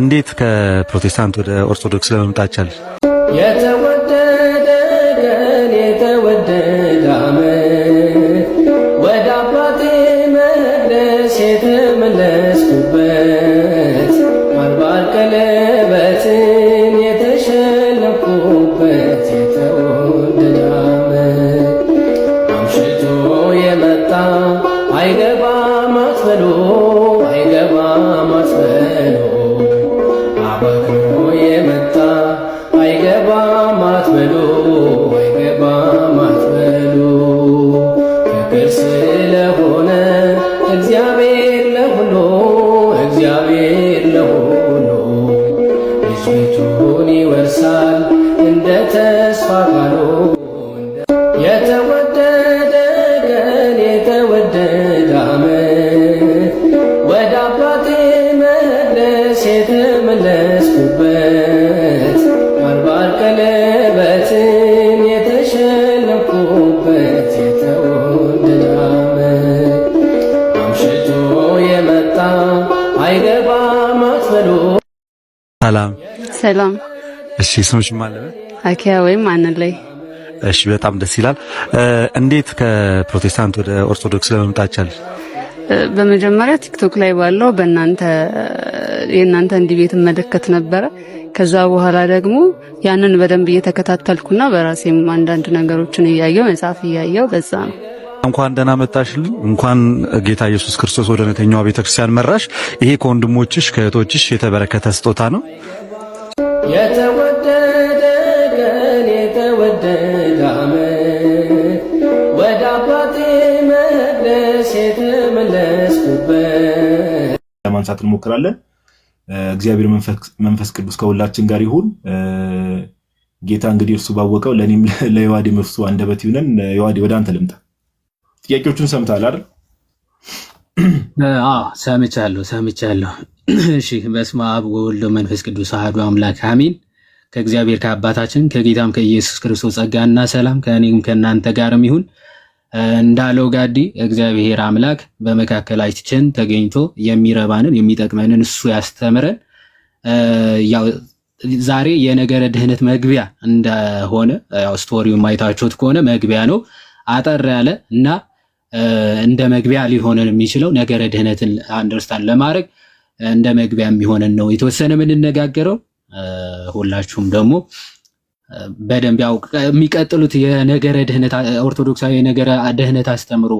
እንዴት ከፕሮቴስታንት ወደ ኦርቶዶክስ ለመምጣት ቻለ? me versar ስምሽ ማለ አኪያ ወይም ማን ላይ እሺ፣ በጣም ደስ ይላል። እንዴት ከፕሮቴስታንት ወደ ኦርቶዶክስ ለመምጣት ቻልሽ? በመጀመሪያ ቲክቶክ ላይ ባለው በእናንተ የእናንተ እንዲህ ቤት መለከት ነበረ። ከዛ በኋላ ደግሞ ያንን በደንብ እየተከታተልኩና በራሴም አንዳንድ ነገሮችን እያየው መጽሐፍ እያየው በዛ ነው። እንኳን ደህና መጣሽልን። እንኳን ጌታ ኢየሱስ ክርስቶስ ወደ እውነተኛዋ ቤተክርስቲያን መራሽ። ይሄ ከወንድሞችሽ ከእህቶችሽ የተበረከተ ስጦታ ነው። የተወደደ ቀን የተወደደ ዓመት ወደ አባቴ መቅደስ የተመለስኩበት ለማንሳት እንሞክራለን። እግዚአብሔር መንፈስ ቅዱስ ከሁላችን ጋር ይሁን። ጌታ እንግዲህ እርሱ ባወቀው ለእኔም ለዮሐዴም መፍሱ አንደበት ይሁንን። ዮሐዴ ወደ አንተ ልምጣ። ጥያቄዎቹን ሰምተሃል አይደል? ሰምቻለሁ ሰምቻለሁ። እሺ በስመ አብ ወወልድ መንፈስ ቅዱስ አህዱ አምላክ አሜን። ከእግዚአብሔር ከአባታችን ከጌታም ከኢየሱስ ክርስቶስ ጸጋና ሰላም ከእኔም ከእናንተ ጋርም ይሁን። እንዳለው ጋዲ እግዚአብሔር አምላክ በመካከላችን ተገኝቶ የሚረባንን የሚጠቅመንን እሱ ያስተምረን። ያው ዛሬ የነገረ ድህነት መግቢያ እንደሆነ ያው ስቶሪውን ማየታችሁት ከሆነ መግቢያ ነው፣ አጠር ያለ እና እንደ መግቢያ ሊሆንን የሚችለው ነገረ ድህነትን አንደርስታንድ ለማድረግ እንደ መግቢያ የሚሆነን ነው የተወሰነ የምንነጋገረው። ሁላችሁም ደግሞ በደንብ ያው የሚቀጥሉት የነገረ ድህነት ኦርቶዶክሳዊ የነገረ ድህነት አስተምሮ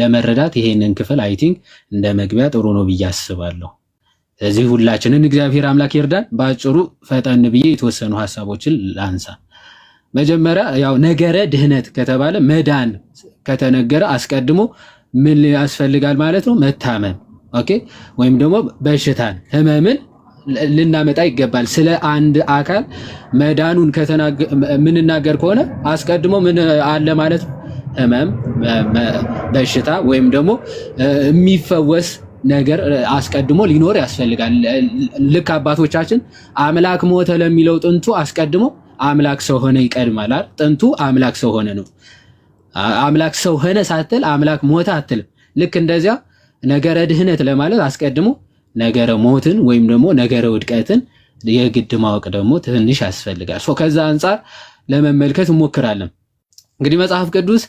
ለመረዳት ይሄንን ክፍል አይ ቲንክ እንደ መግቢያ ጥሩ ነው ብዬ አስባለሁ። ስለዚህ ሁላችንን እግዚአብሔር አምላክ ይርዳን። በአጭሩ ፈጠን ብዬ የተወሰኑ ሀሳቦችን ላንሳ። መጀመሪያ ያው ነገረ ድህነት ከተባለ መዳን ከተነገረ አስቀድሞ ምን ያስፈልጋል ማለት ነው? መታመም ኦኬ ወይም ደግሞ በሽታን ህመምን ልናመጣ ይገባል። ስለ አንድ አካል መዳኑን የምንናገር ከሆነ አስቀድሞ ምን አለ ማለት ህመም፣ በሽታ ወይም ደግሞ የሚፈወስ ነገር አስቀድሞ ሊኖር ያስፈልጋል። ልክ አባቶቻችን አምላክ ሞተ ለሚለው ጥንቱ አስቀድሞ አምላክ ሰው ሆነ ይቀድማል። ጥንቱ አምላክ ሰው ሆነ ነው። አምላክ ሰው ሆነ ሳትል አምላክ ሞተ አትልም። ልክ እንደዚያ ነገረ ድህነት ለማለት አስቀድሞ ነገረ ሞትን ወይም ደግሞ ነገረ ውድቀትን የግድ ማወቅ ደግሞ ትንሽ ያስፈልጋል። ከዛ አንጻር ለመመልከት እንሞክራለን። እንግዲህ መጽሐፍ ቅዱስ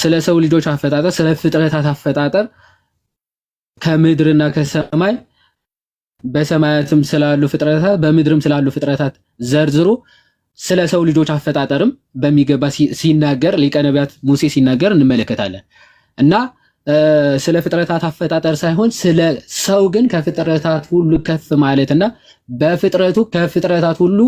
ስለ ሰው ልጆች አፈጣጠር፣ ስለ ፍጥረታት አፈጣጠር ከምድርና ከሰማይ በሰማያትም ስላሉ ፍጥረታት በምድርም ስላሉ ፍጥረታት ዘርዝሮ ስለ ሰው ልጆች አፈጣጠርም በሚገባ ሲናገር ሊቀ ነቢያት ሙሴ ሲናገር እንመለከታለን እና ስለ ፍጥረታት አፈጣጠር ሳይሆን ስለ ሰው ግን ከፍጥረታት ሁሉ ከፍ ማለት እና በፍጥረቱ ከፍጥረታት ሁሉ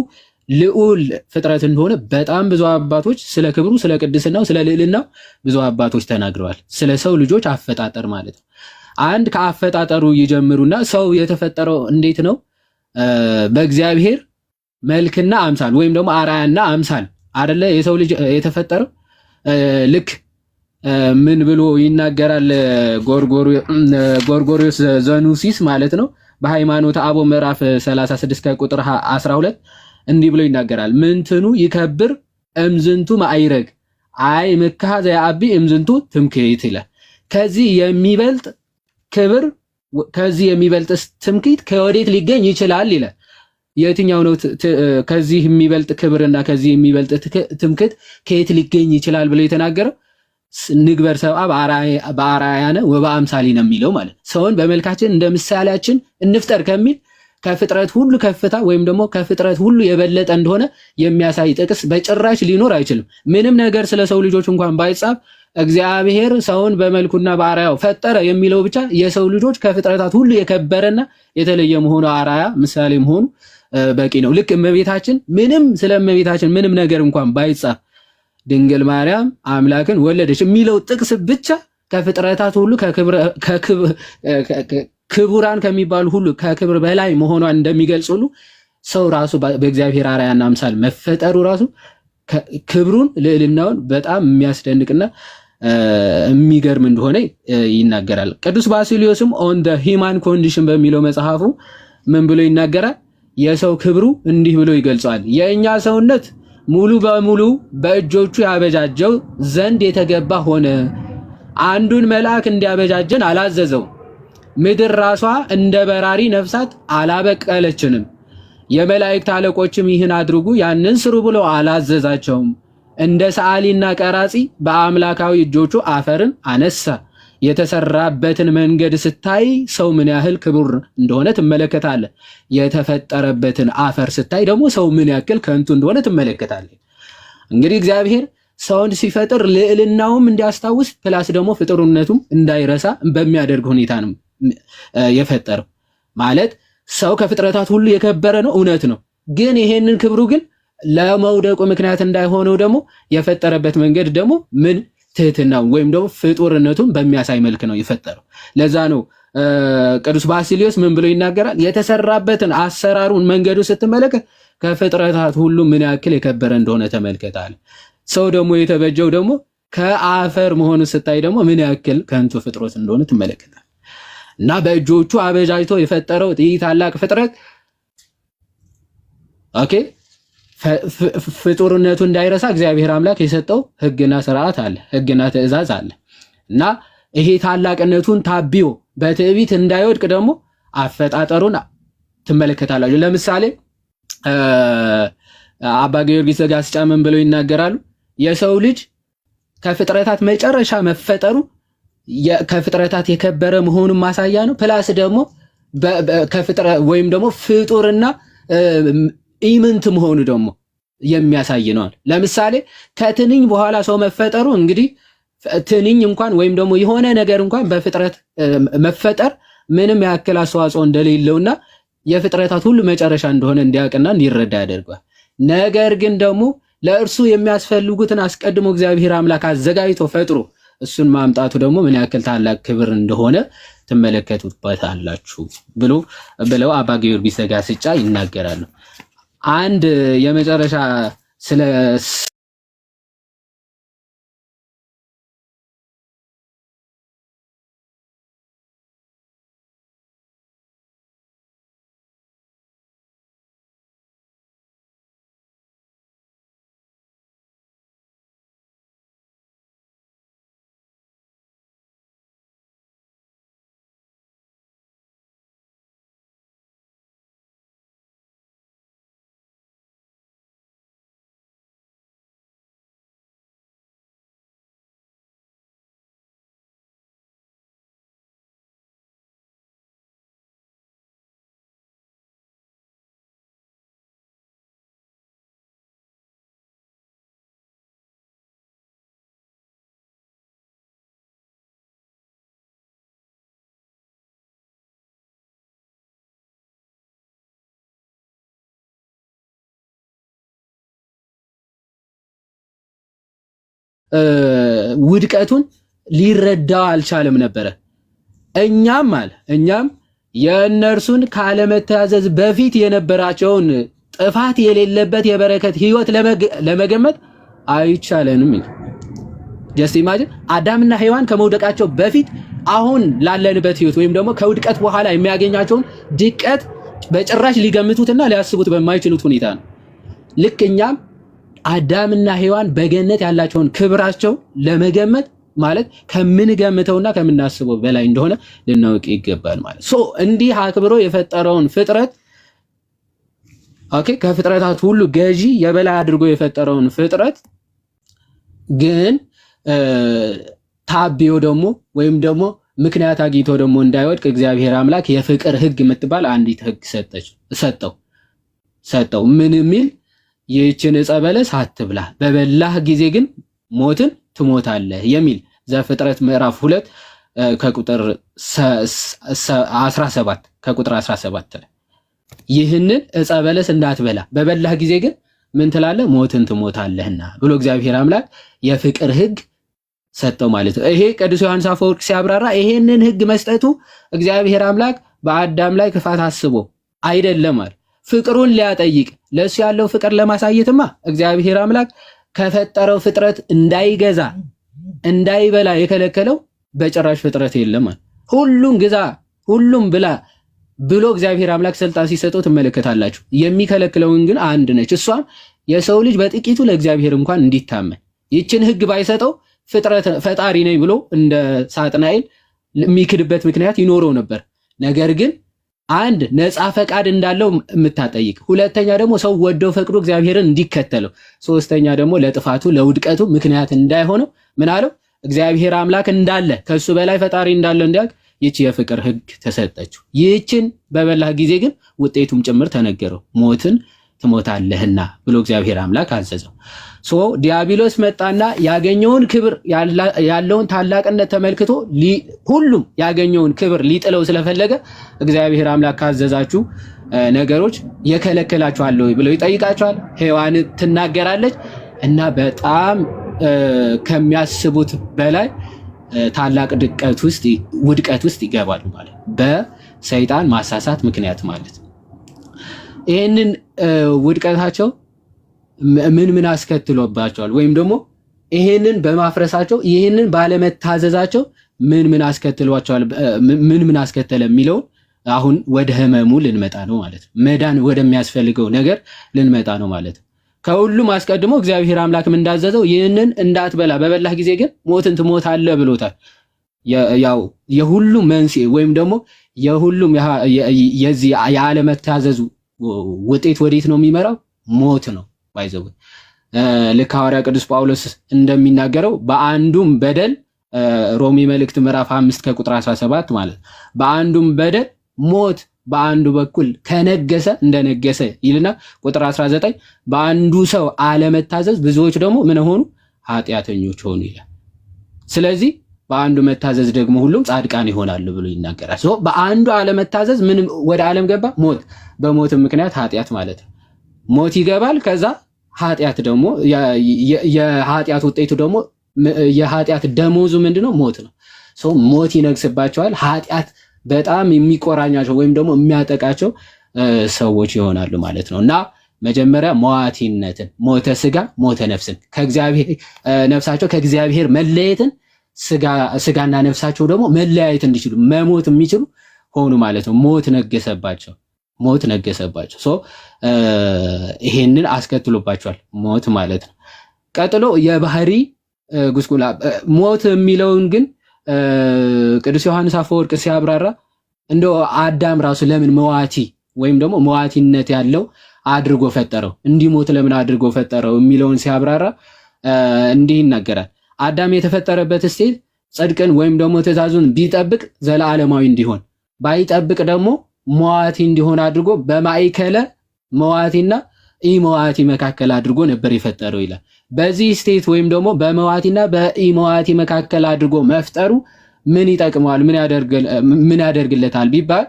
ልዑል ፍጥረት እንደሆነ በጣም ብዙ አባቶች ስለ ክብሩ፣ ስለ ቅድስናው፣ ስለ ልዕልናው ብዙ አባቶች ተናግረዋል። ስለ ሰው ልጆች አፈጣጠር ማለት ነው። አንድ ከአፈጣጠሩ ይጀምሩና ሰው የተፈጠረው እንዴት ነው? በእግዚአብሔር መልክና አምሳል ወይም ደግሞ አራያና አምሳል አደለ የሰው ልጅ የተፈጠረው ልክ ምን ብሎ ይናገራል? ጎርጎሪዮስ ዘኑሲስ ማለት ነው። በሃይማኖት አቦ ምዕራፍ 36 ከቁጥር 12 እንዲህ ብሎ ይናገራል። ምንትኑ ይከብር እምዝንቱ ማይረግ አይ ምካ ዘያአቢ እምዝንቱ ትምክህት ይለ ከዚህ የሚበልጥ ክብር ከዚህ የሚበልጥ ትምክህት ከወዴት ሊገኝ ይችላል ይለ የትኛው ነው ከዚህ የሚበልጥ ክብርና ከዚህ የሚበልጥ ትምክህት ከየት ሊገኝ ይችላል ብሎ የተናገረው? ንግበር ሰብአ በአርአያነ ወበአምሳሊነ የሚለው ማለት ሰውን በመልካችን እንደ ምሳሌያችን እንፍጠር ከሚል ከፍጥረት ሁሉ ከፍታ ወይም ደግሞ ከፍጥረት ሁሉ የበለጠ እንደሆነ የሚያሳይ ጥቅስ በጭራሽ ሊኖር አይችልም። ምንም ነገር ስለ ሰው ልጆች እንኳን ባይጻፍ እግዚአብሔር ሰውን በመልኩና በአርአያው ፈጠረ የሚለው ብቻ የሰው ልጆች ከፍጥረታት ሁሉ የከበረና የተለየ መሆኑ አርአያ ምሳሌ መሆኑ በቂ ነው። ልክ እመቤታችን ምንም ስለ እመቤታችን ምንም ነገር እንኳን ባይጻፍ ድንግል ማርያም አምላክን ወለደች የሚለው ጥቅስ ብቻ ከፍጥረታት ሁሉ ክቡራን ከሚባሉ ሁሉ ከክብር በላይ መሆኗን እንደሚገልጽ ሁሉ ሰው ራሱ በእግዚአብሔር አርአያና አምሳል መፈጠሩ ራሱ ክብሩን ልዕልናውን በጣም የሚያስደንቅና የሚገርም እንደሆነ ይናገራል። ቅዱስ ባሲሊዮስም ኦን ደ ሂማን ኮንዲሽን በሚለው መጽሐፉ ምን ብሎ ይናገራል? የሰው ክብሩ እንዲህ ብሎ ይገልጸዋል። የእኛ ሰውነት ሙሉ በሙሉ በእጆቹ ያበጃጀው ዘንድ የተገባ ሆነ። አንዱን መልአክ እንዲያበጃጀን አላዘዘው። ምድር ራሷ እንደ በራሪ ነፍሳት አላበቀለችንም። የመላእክት አለቆችም ይህን አድርጉ ያንን ስሩ ብሎ አላዘዛቸውም። እንደ ሰዓሊና ቀራጺ በአምላካዊ እጆቹ አፈርን አነሳ። የተሰራበትን መንገድ ስታይ ሰው ምን ያህል ክቡር እንደሆነ ትመለከታለ የተፈጠረበትን አፈር ስታይ ደግሞ ሰው ምን ያክል ከንቱ እንደሆነ ትመለከታለ። እንግዲህ እግዚአብሔር ሰውን ሲፈጥር ልዕልናውም እንዲያስታውስ ፕላስ ደግሞ ፍጥሩነቱም እንዳይረሳ በሚያደርግ ሁኔታ ነው የፈጠረው። ማለት ሰው ከፍጥረታት ሁሉ የከበረ ነው፣ እውነት ነው። ግን ይሄንን ክብሩ ግን ለመውደቁ ምክንያት እንዳይሆነው ደግሞ የፈጠረበት መንገድ ደግሞ ምን ትህትናውን ወይም ደግሞ ፍጡርነቱን በሚያሳይ መልክ ነው የፈጠረው። ለዛ ነው ቅዱስ ባሲሊዮስ ምን ብሎ ይናገራል? የተሰራበትን አሰራሩን መንገዱ ስትመለከት ከፍጥረታት ሁሉ ምን ያክል የከበረ እንደሆነ ተመልከታል። ሰው ደግሞ የተበጀው ደግሞ ከአፈር መሆኑ ስታይ ደግሞ ምን ያክል ከንቱ ፍጥሮት እንደሆነ ትመለከታል። እና በእጆቹ አበጃጅቶ የፈጠረው ይህ ታላቅ ፍጥረት ኦኬ ፍጡርነቱ እንዳይረሳ እግዚአብሔር አምላክ የሰጠው ህግና ስርዓት አለ፣ ህግና ትእዛዝ አለ እና ይሄ ታላቅነቱን ታቢዮ በትዕቢት እንዳይወድቅ ደግሞ አፈጣጠሩን ትመለከታላችሁ። ለምሳሌ አባ ጊዮርጊስ ዘጋስጫ ምን ብለው ይናገራሉ? የሰው ልጅ ከፍጥረታት መጨረሻ መፈጠሩ ከፍጥረታት የከበረ መሆኑን ማሳያ ነው። ፕላስ ደግሞ ወይም ደግሞ ፍጡርና ኢምንት መሆኑ ደግሞ የሚያሳይ ነዋል። ለምሳሌ ከትንኝ በኋላ ሰው መፈጠሩ እንግዲህ ትንኝ እንኳን ወይም ደግሞ የሆነ ነገር እንኳን በፍጥረት መፈጠር ምንም ያክል አስተዋጽኦ እንደሌለውና የፍጥረታት ሁሉ መጨረሻ እንደሆነ እንዲያውቅና እንዲረዳ ያደርገዋል። ነገር ግን ደግሞ ለእርሱ የሚያስፈልጉትን አስቀድሞ እግዚአብሔር አምላክ አዘጋጅቶ ፈጥሮ እሱን ማምጣቱ ደግሞ ምን ያክል ታላቅ ክብር እንደሆነ ትመለከቱበታላችሁ ብሎ ብለው አባ ጊዮርጊስ ዘጋስጫ ይናገራሉ። አንድ የመጨረሻ ስለ ውድቀቱን ሊረዳው አልቻለም ነበረ። እኛም አለ እኛም የእነርሱን ካለመታዘዝ በፊት የነበራቸውን ጥፋት የሌለበት የበረከት ህይወት ለመገመት አይቻለንም። ጀስት ኢማጂን አዳምና ሔዋን ከመውደቃቸው በፊት አሁን ላለንበት ህይወት ወይም ደግሞ ከውድቀት በኋላ የሚያገኛቸውን ድቀት በጭራሽ ሊገምቱትና ሊያስቡት በማይችሉት ሁኔታ ነው ልክ እኛም አዳምና ሔዋን በገነት ያላቸውን ክብራቸው ለመገመት ማለት ከምንገምተውና ከምናስበው በላይ እንደሆነ ልናውቅ ይገባል። ማለት ሶ እንዲህ አክብሮ የፈጠረውን ፍጥረት ኦኬ፣ ከፍጥረታት ሁሉ ገዢ የበላይ አድርጎ የፈጠረውን ፍጥረት ግን ታቢዮ ደግሞ ወይም ደግሞ ምክንያት አግኝቶ ደግሞ እንዳይወድቅ እግዚአብሔር አምላክ የፍቅር ሕግ የምትባል አንዲት ሕግ ሰጠው ሰጠው ምን የሚል ይህችን ዕፀ በለስ አትብላ፣ በበላህ ጊዜ ግን ሞትን ትሞታለህ የሚል ዘፍጥረት ምዕራፍ ሁለት ከቁጥር 17 ከቁጥር 17 ላይ ይህንን ዕፀ በለስ እንዳትበላ በበላህ ጊዜ ግን ምን ትላለህ? ሞትን ትሞታለህና ብሎ እግዚአብሔር አምላክ የፍቅር ሕግ ሰጠው ማለት ነው። ይሄ ቅዱስ ዮሐንስ አፈወርቅ ሲያብራራ ይሄንን ሕግ መስጠቱ እግዚአብሔር አምላክ በአዳም ላይ ክፋት አስቦ አይደለም አለ። ፍቅሩን ሊያጠይቅ ለእሱ ያለው ፍቅር ለማሳየትማ እግዚአብሔር አምላክ ከፈጠረው ፍጥረት እንዳይገዛ እንዳይበላ የከለከለው በጭራሽ ፍጥረት የለም። ሁሉም ግዛ ሁሉም ብላ ብሎ እግዚአብሔር አምላክ ስልጣን ሲሰጠው ትመለከታላችሁ። የሚከለክለውን ግን አንድ ነች። እሷም የሰው ልጅ በጥቂቱ ለእግዚአብሔር እንኳን እንዲታመን ይችን ሕግ ባይሰጠው ፍጥረት ፈጣሪ ነኝ ብሎ እንደ ሳጥናኤል የሚክድበት ምክንያት ይኖረው ነበር ነገር ግን አንድ ነፃ ፈቃድ እንዳለው የምታጠይቅ፣ ሁለተኛ ደግሞ ሰው ወደው ፈቅዶ እግዚአብሔርን እንዲከተለው፣ ሶስተኛ ደግሞ ለጥፋቱ ለውድቀቱ ምክንያት እንዳይሆነው ምን አለው እግዚአብሔር አምላክ እንዳለ ከሱ በላይ ፈጣሪ እንዳለ እንዲያውቅ ይቺ የፍቅር ህግ ተሰጠችው። ይህችን በበላህ ጊዜ ግን ውጤቱም ጭምር ተነገረው፣ ሞትን ትሞታለህና ብሎ እግዚአብሔር አምላክ አዘዘው። ሶ ዲያብሎስ መጣና ያገኘውን ክብር ያለውን ታላቅነት ተመልክቶ ሁሉም ያገኘውን ክብር ሊጥለው ስለፈለገ እግዚአብሔር አምላክ ካዘዛችሁ ነገሮች የከለከላችኋለሁ ብለው ይጠይቃቸዋል። ሔዋን ትናገራለች እና በጣም ከሚያስቡት በላይ ታላቅ ድቀት ውስጥ ውድቀት ውስጥ ይገባሉ ማለት በሰይጣን ማሳሳት ምክንያት ማለት ይህንን ውድቀታቸው ምን ምን አስከትሎባቸዋል ወይም ደግሞ ይሄንን በማፍረሳቸው ይሄንን ባለመታዘዛቸው ምን ምን አስከትሏቸዋል ምን ምን አስከተለ የሚለውን አሁን ወደ ህመሙ ልንመጣ ነው ማለት ነው። መዳን ወደሚያስፈልገው ነገር ልንመጣ ነው ማለት ነው። ከሁሉም አስቀድሞ እግዚአብሔር አምላክም እንዳዘዘው ይህንን እንዳትበላ በበላህ ጊዜ ግን ሞትን አለ ብሎታል። ያው የሁሉም መንስኤ ወይም ደግሞ የሁሉም የዚህ የአለመታዘዙ ውጤት ወዴት ነው የሚመራው? ሞት ነው። ባይዘው ልክ ሐዋርያ ቅዱስ ጳውሎስ እንደሚናገረው በአንዱም በደል ሮሚ መልእክት ምዕራፍ 5 ከቁጥር 17 ማለት በአንዱም በደል ሞት በአንዱ በኩል ከነገሰ እንደነገሰ ይልና ቁጥር 19 በአንዱ ሰው አለመታዘዝ ብዙዎች ደግሞ ምን ሆኑ? ኃጢአተኞች ሆኑ ይላል። ስለዚህ በአንዱ መታዘዝ ደግሞ ሁሉም ጻድቃን ይሆናሉ ብሎ ይናገራል። በአንዱ አለመታዘዝ ምን ወደ ዓለም ገባ? ሞት። በሞትም ምክንያት ኃጢአት ማለት ነው። ሞት ይገባል። ከዛ ኃጢአት ደግሞ የኃጢአት ውጤቱ ደግሞ የኃጢአት ደሞዙ ምንድን ነው? ሞት ነው። ሰው ሞት ይነግስባቸዋል። ኃጢአት በጣም የሚቆራኛቸው ወይም ደግሞ የሚያጠቃቸው ሰዎች ይሆናሉ ማለት ነው እና መጀመሪያ መዋቲነትን፣ ሞተ ስጋ ሞተ ነፍስን ነፍሳቸው ከእግዚአብሔር መለየትን ስጋና ነፍሳቸው ደግሞ መለያየት እንዲችሉ መሞት የሚችሉ ሆኑ ማለት ነው። ሞት ነገሰባቸው። ሞት ነገሰባቸው። ይሄንን አስከትሎባቸዋል ሞት ማለት ነው። ቀጥሎ የባህሪ ጉስቁላ ሞት የሚለውን ግን ቅዱስ ዮሐንስ አፈወርቅ ሲያብራራ እንደ አዳም ራሱ ለምን መዋቲ ወይም ደግሞ መዋቲነት ያለው አድርጎ ፈጠረው እንዲሞት ለምን አድርጎ ፈጠረው የሚለውን ሲያብራራ እንዲህ ይናገራል። አዳም የተፈጠረበት ስቴት ጽድቅን ወይም ደግሞ ትእዛዙን ቢጠብቅ ዘለዓለማዊ እንዲሆን ባይጠብቅ ደግሞ መዋቲ እንዲሆን አድርጎ በማይከለ መዋቲና ኢመዋቲ መካከል አድርጎ ነበር የፈጠረው ይላል። በዚህ ስቴት ወይም ደግሞ በመዋቲና በኢመዋቲ መካከል አድርጎ መፍጠሩ ምን ይጠቅመዋል? ምን ያደርግለታል ቢባል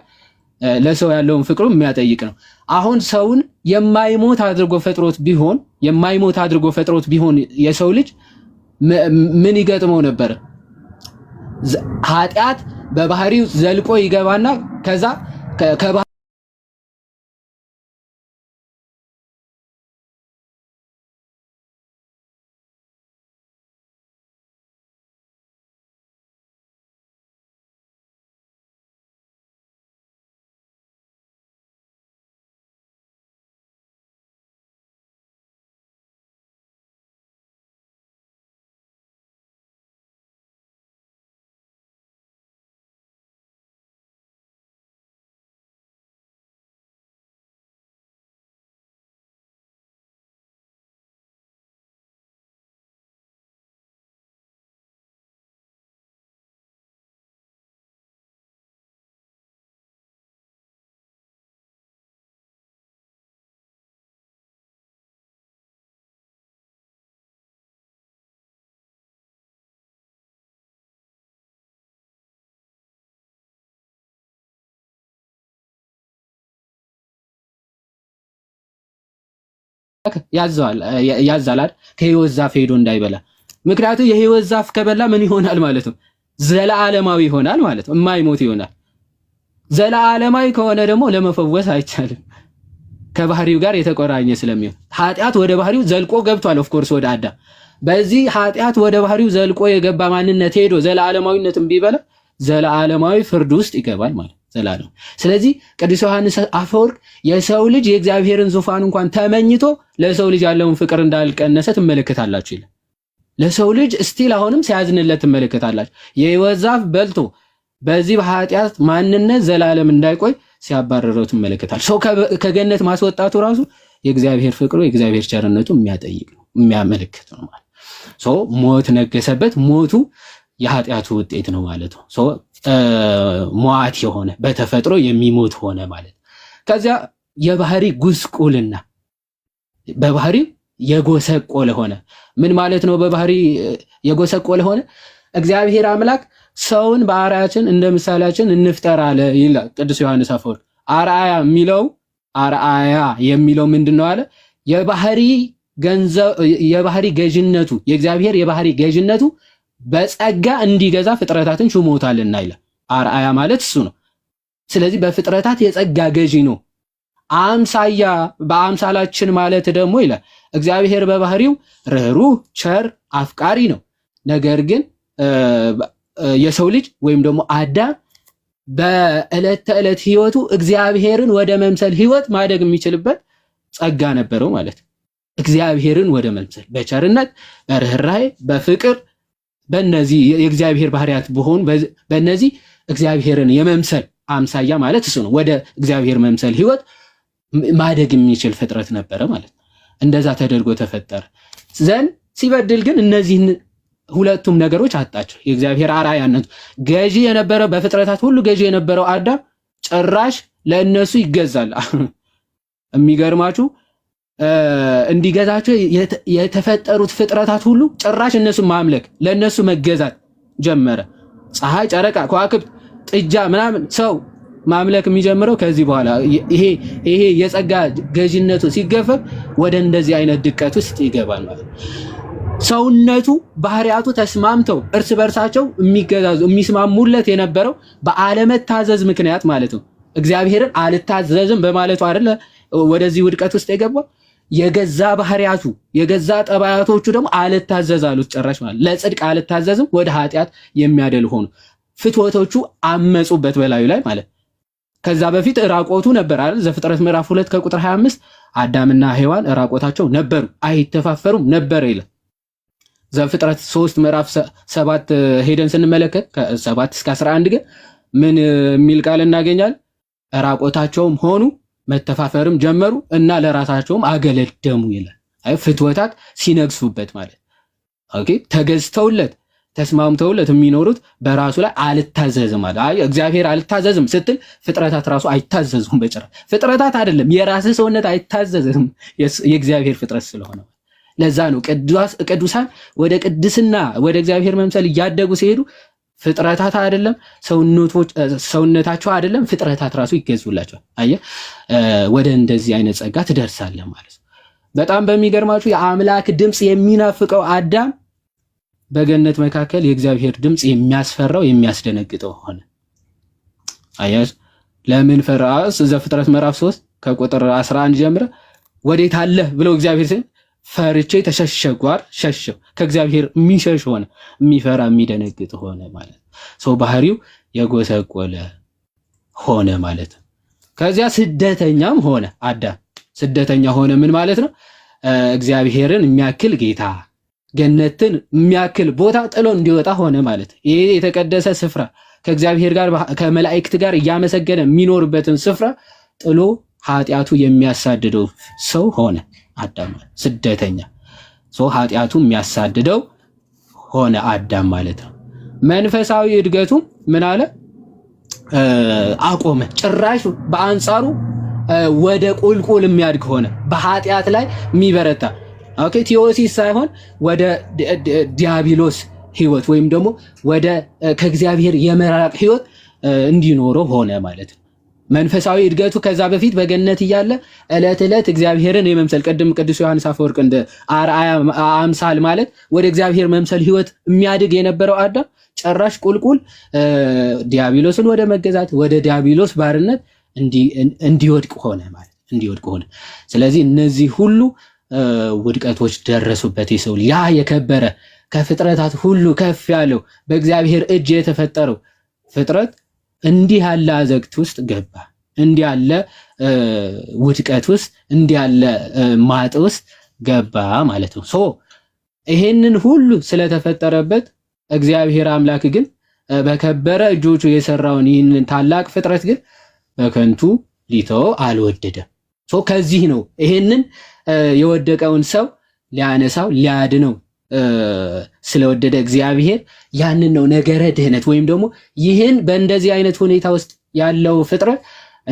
ለሰው ያለውን ፍቅሩ የሚያጠይቅ ነው። አሁን ሰውን የማይሞት አድርጎ ፈጥሮት ቢሆን የማይሞት አድርጎ ፈጥሮት ቢሆን የሰው ልጅ ምን ይገጥመው ነበር? ኃጢአት በባህሪው ዘልቆ ይገባና ከዛ 开开吧。ያዛላል ከህይወት ዛፍ ሄዶ እንዳይበላ። ምክንያቱም የህይወት ዛፍ ከበላ ምን ይሆናል ማለት ነው? ዘለዓለማዊ ይሆናል ማለት ነው። የማይሞት ይሆናል። ዘለዓለማዊ ከሆነ ደግሞ ለመፈወስ አይቻልም፣ ከባህሪው ጋር የተቆራኘ ስለሚሆን ኃጢአት ወደ ባህሪው ዘልቆ ገብቷል። ኦፍኮርስ ወደ አዳም በዚህ ኃጢአት ወደ ባህሪው ዘልቆ የገባ ማንነት ሄዶ ዘለዓለማዊነትን ቢበላ ዘለዓለማዊ ፍርድ ውስጥ ይገባል ማለት ነው። ዘላለም። ስለዚህ ቅዱስ ዮሐንስ አፈወርቅ የሰው ልጅ የእግዚአብሔርን ዙፋን እንኳን ተመኝቶ ለሰው ልጅ ያለውን ፍቅር እንዳልቀነሰ ትመለከታላችሁ ይላል። ለሰው ልጅ እስቲል አሁንም ሲያዝንለት ትመለከታላችሁ። የሕይወት ዛፍ በልቶ በዚህ በኃጢአት ማንነት ዘላለም እንዳይቆይ ሲያባረረው ትመለከታል። ሰው ከገነት ማስወጣቱ ራሱ የእግዚአብሔር ፍቅሩ የእግዚአብሔር ቸርነቱ የሚያጠይቅ ነው የሚያመለክት ነው ማለት ሞት ነገሰበት። ሞቱ የኃጢአቱ ውጤት ነው ማለት ነው። ሟት የሆነ በተፈጥሮ የሚሞት ሆነ ማለት ነው። ከዚያ የባህሪ ጉስቁልና በባህሪ የጎሰቆለ ሆነ። ምን ማለት ነው? በባህሪ የጎሰቆለ ሆነ። እግዚአብሔር አምላክ ሰውን በአርአያችን እንደ ምሳሌያችን እንፍጠር አለ ይላል ቅዱስ ዮሐንስ አፈወርቅ። አርአያ የሚለው አርአያ የሚለው ምንድን ነው አለ የባህሪ ገንዘብ የባህሪ ገዥነቱ የእግዚአብሔር የባህሪ ገዥነቱ በጸጋ እንዲገዛ ፍጥረታትን ሹሞታልና ይላል። አርአያ ማለት እሱ ነው። ስለዚህ በፍጥረታት የጸጋ ገዢ ነው። አምሳያ በአምሳላችን ማለት ደግሞ ይላል እግዚአብሔር በባህሪው ርኅሩህ፣ ቸር፣ አፍቃሪ ነው። ነገር ግን የሰው ልጅ ወይም ደግሞ አዳም በዕለት ተዕለት ህይወቱ እግዚአብሔርን ወደ መምሰል ህይወት ማደግ የሚችልበት ጸጋ ነበረው ማለት እግዚአብሔርን ወደ መምሰል በቸርነት፣ በርኅራሄ፣ በፍቅር በእነዚህ የእግዚአብሔር ባህሪያት በሆኑ በእነዚህ እግዚአብሔርን የመምሰል አምሳያ ማለት እሱ ነው። ወደ እግዚአብሔር መምሰል ህይወት ማደግ የሚችል ፍጥረት ነበረ ማለት ነው። እንደዛ ተደርጎ ተፈጠረ ዘንድ ሲበድል ግን እነዚህን ሁለቱም ነገሮች አጣቸው። የእግዚአብሔር አራያነቱ ገዢ የነበረው በፍጥረታት ሁሉ ገዢ የነበረው አዳም ጭራሽ ለእነሱ ይገዛል። የሚገርማችሁ እንዲገዛቸው የተፈጠሩት ፍጥረታት ሁሉ ጭራሽ እነሱ ማምለክ ለእነሱ መገዛት ጀመረ። ፀሐይ፣ ጨረቃ፣ ከዋክብት፣ ጥጃ ምናምን ሰው ማምለክ የሚጀምረው ከዚህ በኋላ ይሄ ይሄ የጸጋ ገዥነቱ ሲገፈፍ ወደ እንደዚህ አይነት ድቀት ውስጥ ይገባል ማለት ሰውነቱ ባህሪያቱ ተስማምተው እርስ በርሳቸው የሚገዛዙ የሚስማሙለት የነበረው በአለመታዘዝ ምክንያት ማለት ነው። እግዚአብሔርን አልታዘዝም በማለቱ አይደለ ወደዚህ ውድቀት ውስጥ የገባ የገዛ ባህሪያቱ የገዛ ጠባያቶቹ ደግሞ አልታዘዝ አሉት። ጨራሽ ማለት ለጽድቅ አልታዘዝም ወደ ኃጢአት የሚያደል ሆኑ። ፍትወቶቹ አመፁበት በላዩ ላይ ማለት ከዛ በፊት ራቆቱ ነበር አይደል? ዘፍጥረት ምዕራፍ 2 ከቁጥር 25 አዳምና ሔዋን ራቆታቸው ነበሩ፣ አይተፋፈሩም ነበር ይላል። ዘፍጥረት ሶስት ምዕራፍ ሰባት ሄደን ስንመለከት ከሰባት እስከ እስከ 11 ግን ምን የሚል ቃል እናገኛል? ራቆታቸውም ሆኑ መተፋፈርም ጀመሩ እና ለራሳቸውም አገለደሙ ይላል። አይ ፍትወታት ሲነግሱበት ማለት ኦኬ፣ ተገዝተውለት ተስማምተውለት የሚኖሩት በራሱ ላይ አልታዘዝም ማለት አይ እግዚአብሔር አልታዘዝም ስትል ፍጥረታት ራሱ አይታዘዙም። በጭራ ፍጥረታት አይደለም የራስህ ሰውነት አይታዘዝም የእግዚአብሔር ፍጥረት ስለሆነ ለዛ ነው ቅዱሳን ወደ ቅድስና ወደ እግዚአብሔር መምሰል እያደጉ ሲሄዱ ፍጥረታት አይደለም ሰውነቶች ሰውነታቸው አይደለም ፍጥረታት ራሱ ይገዙላቸዋል። አየህ ወደ እንደዚህ አይነት ጸጋ ትደርሳለህ ማለት ነው። በጣም በሚገርማችሁ የአምላክ ድምፅ የሚናፍቀው አዳም በገነት መካከል የእግዚአብሔር ድምፅ የሚያስፈራው የሚያስደነግጠው ሆነ። አየህ ለምን ፈራስ? ዘፍጥረት ምዕራፍ 3 ከቁጥር 11 ጀምረ ወዴት አለህ ብለው እግዚአብሔር ፈርቼ ተሸሸጓር ሸሸው ከእግዚአብሔር የሚሸሽ ሆነ፣ የሚፈራ የሚደነግጥ ሆነ ማለት ሰው ባህሪው የጎሰቆለ ሆነ ማለት ነው። ከዚያ ስደተኛም ሆነ አዳም። ስደተኛ ሆነ ምን ማለት ነው? እግዚአብሔርን የሚያክል ጌታ ገነትን የሚያክል ቦታ ጥሎ እንዲወጣ ሆነ ማለት ይሄ የተቀደሰ ስፍራ ከእግዚአብሔር ጋር ከመላእክት ጋር እያመሰገነ የሚኖርበትን ስፍራ ጥሎ ኃጢአቱ የሚያሳድደው ሰው ሆነ። አዳም ማለት ስደተኛ ኃጢአቱ የሚያሳድደው ሆነ አዳም ማለት ነው። መንፈሳዊ እድገቱም ምን አለ አቆመ። ጭራሽ በአንጻሩ ወደ ቁልቁል የሚያድግ ሆነ፣ በኃጢአት ላይ የሚበረታ ኦኬ፣ ቲዮሲስ ሳይሆን ወደ ዲያብሎስ ህይወት ወይም ደግሞ ወደ ከእግዚአብሔር የመራቅ ህይወት እንዲኖረው ሆነ ማለት ነው። መንፈሳዊ እድገቱ ከዛ በፊት በገነት እያለ ዕለት ዕለት እግዚአብሔርን የመምሰል ቅድም ቅዱስ ዮሐንስ አፈወርቅ እንደ አርአያ አምሳል ማለት ወደ እግዚአብሔር መምሰል ህይወት የሚያድግ የነበረው አዳም ጨራሽ ቁልቁል ዲያብሎስን ወደ መገዛት ወደ ዲያብሎስ ባርነት እንዲወድቅ ሆነ ማለት እንዲወድቅ ሆነ። ስለዚህ እነዚህ ሁሉ ውድቀቶች ደረሱበት የሰው ያ የከበረ ከፍጥረታት ሁሉ ከፍ ያለው በእግዚአብሔር እጅ የተፈጠረው ፍጥረት እንዲህ ያለ አዘግት ውስጥ ገባ። እንዲህ ያለ ውድቀት ውስጥ፣ እንዲህ ያለ ማጥ ውስጥ ገባ ማለት ነው። ሶ ይሄንን ሁሉ ስለተፈጠረበት እግዚአብሔር አምላክ ግን በከበረ እጆቹ የሰራውን ይህንን ታላቅ ፍጥረት ግን በከንቱ ሊተው አልወደደም። ሶ ከዚህ ነው ይሄንን የወደቀውን ሰው ሊያነሳው ሊያድነው ስለወደደ እግዚአብሔር ያንን ነው ነገረ ድህነት ወይም ደግሞ ይህን በእንደዚህ አይነት ሁኔታ ውስጥ ያለው ፍጥረት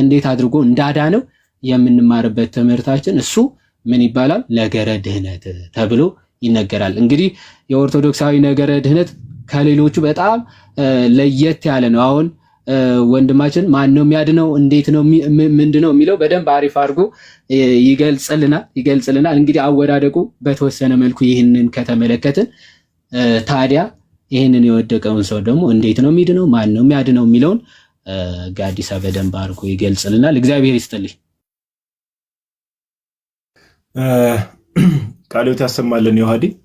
እንዴት አድርጎ እንዳዳነው የምንማርበት ትምህርታችን እሱ ምን ይባላል? ነገረ ድህነት ተብሎ ይነገራል። እንግዲህ የኦርቶዶክሳዊ ነገረ ድህነት ከሌሎቹ በጣም ለየት ያለ ነው። አሁን ወንድማችን ማን ነው የሚያድነው? እንዴት ነው ነው የሚለው በደንብ አሪፍ አድርጎ ይገልጽልናል ይገልጽልናል። እንግዲህ አወዳደቁ በተወሰነ መልኩ ይህንን ከተመለከትን ታዲያ ይህንን የወደቀውን ሰው ደግሞ እንዴት ነው የሚድነው? ማን ነው የሚያድነው የሚለውን ጋዲሳ በደንብ አድርጎ ይገልጽልናል። እግዚአብሔር ይስጥልኝ፣ ቃልዎት ያሰማልን። የውሃዲ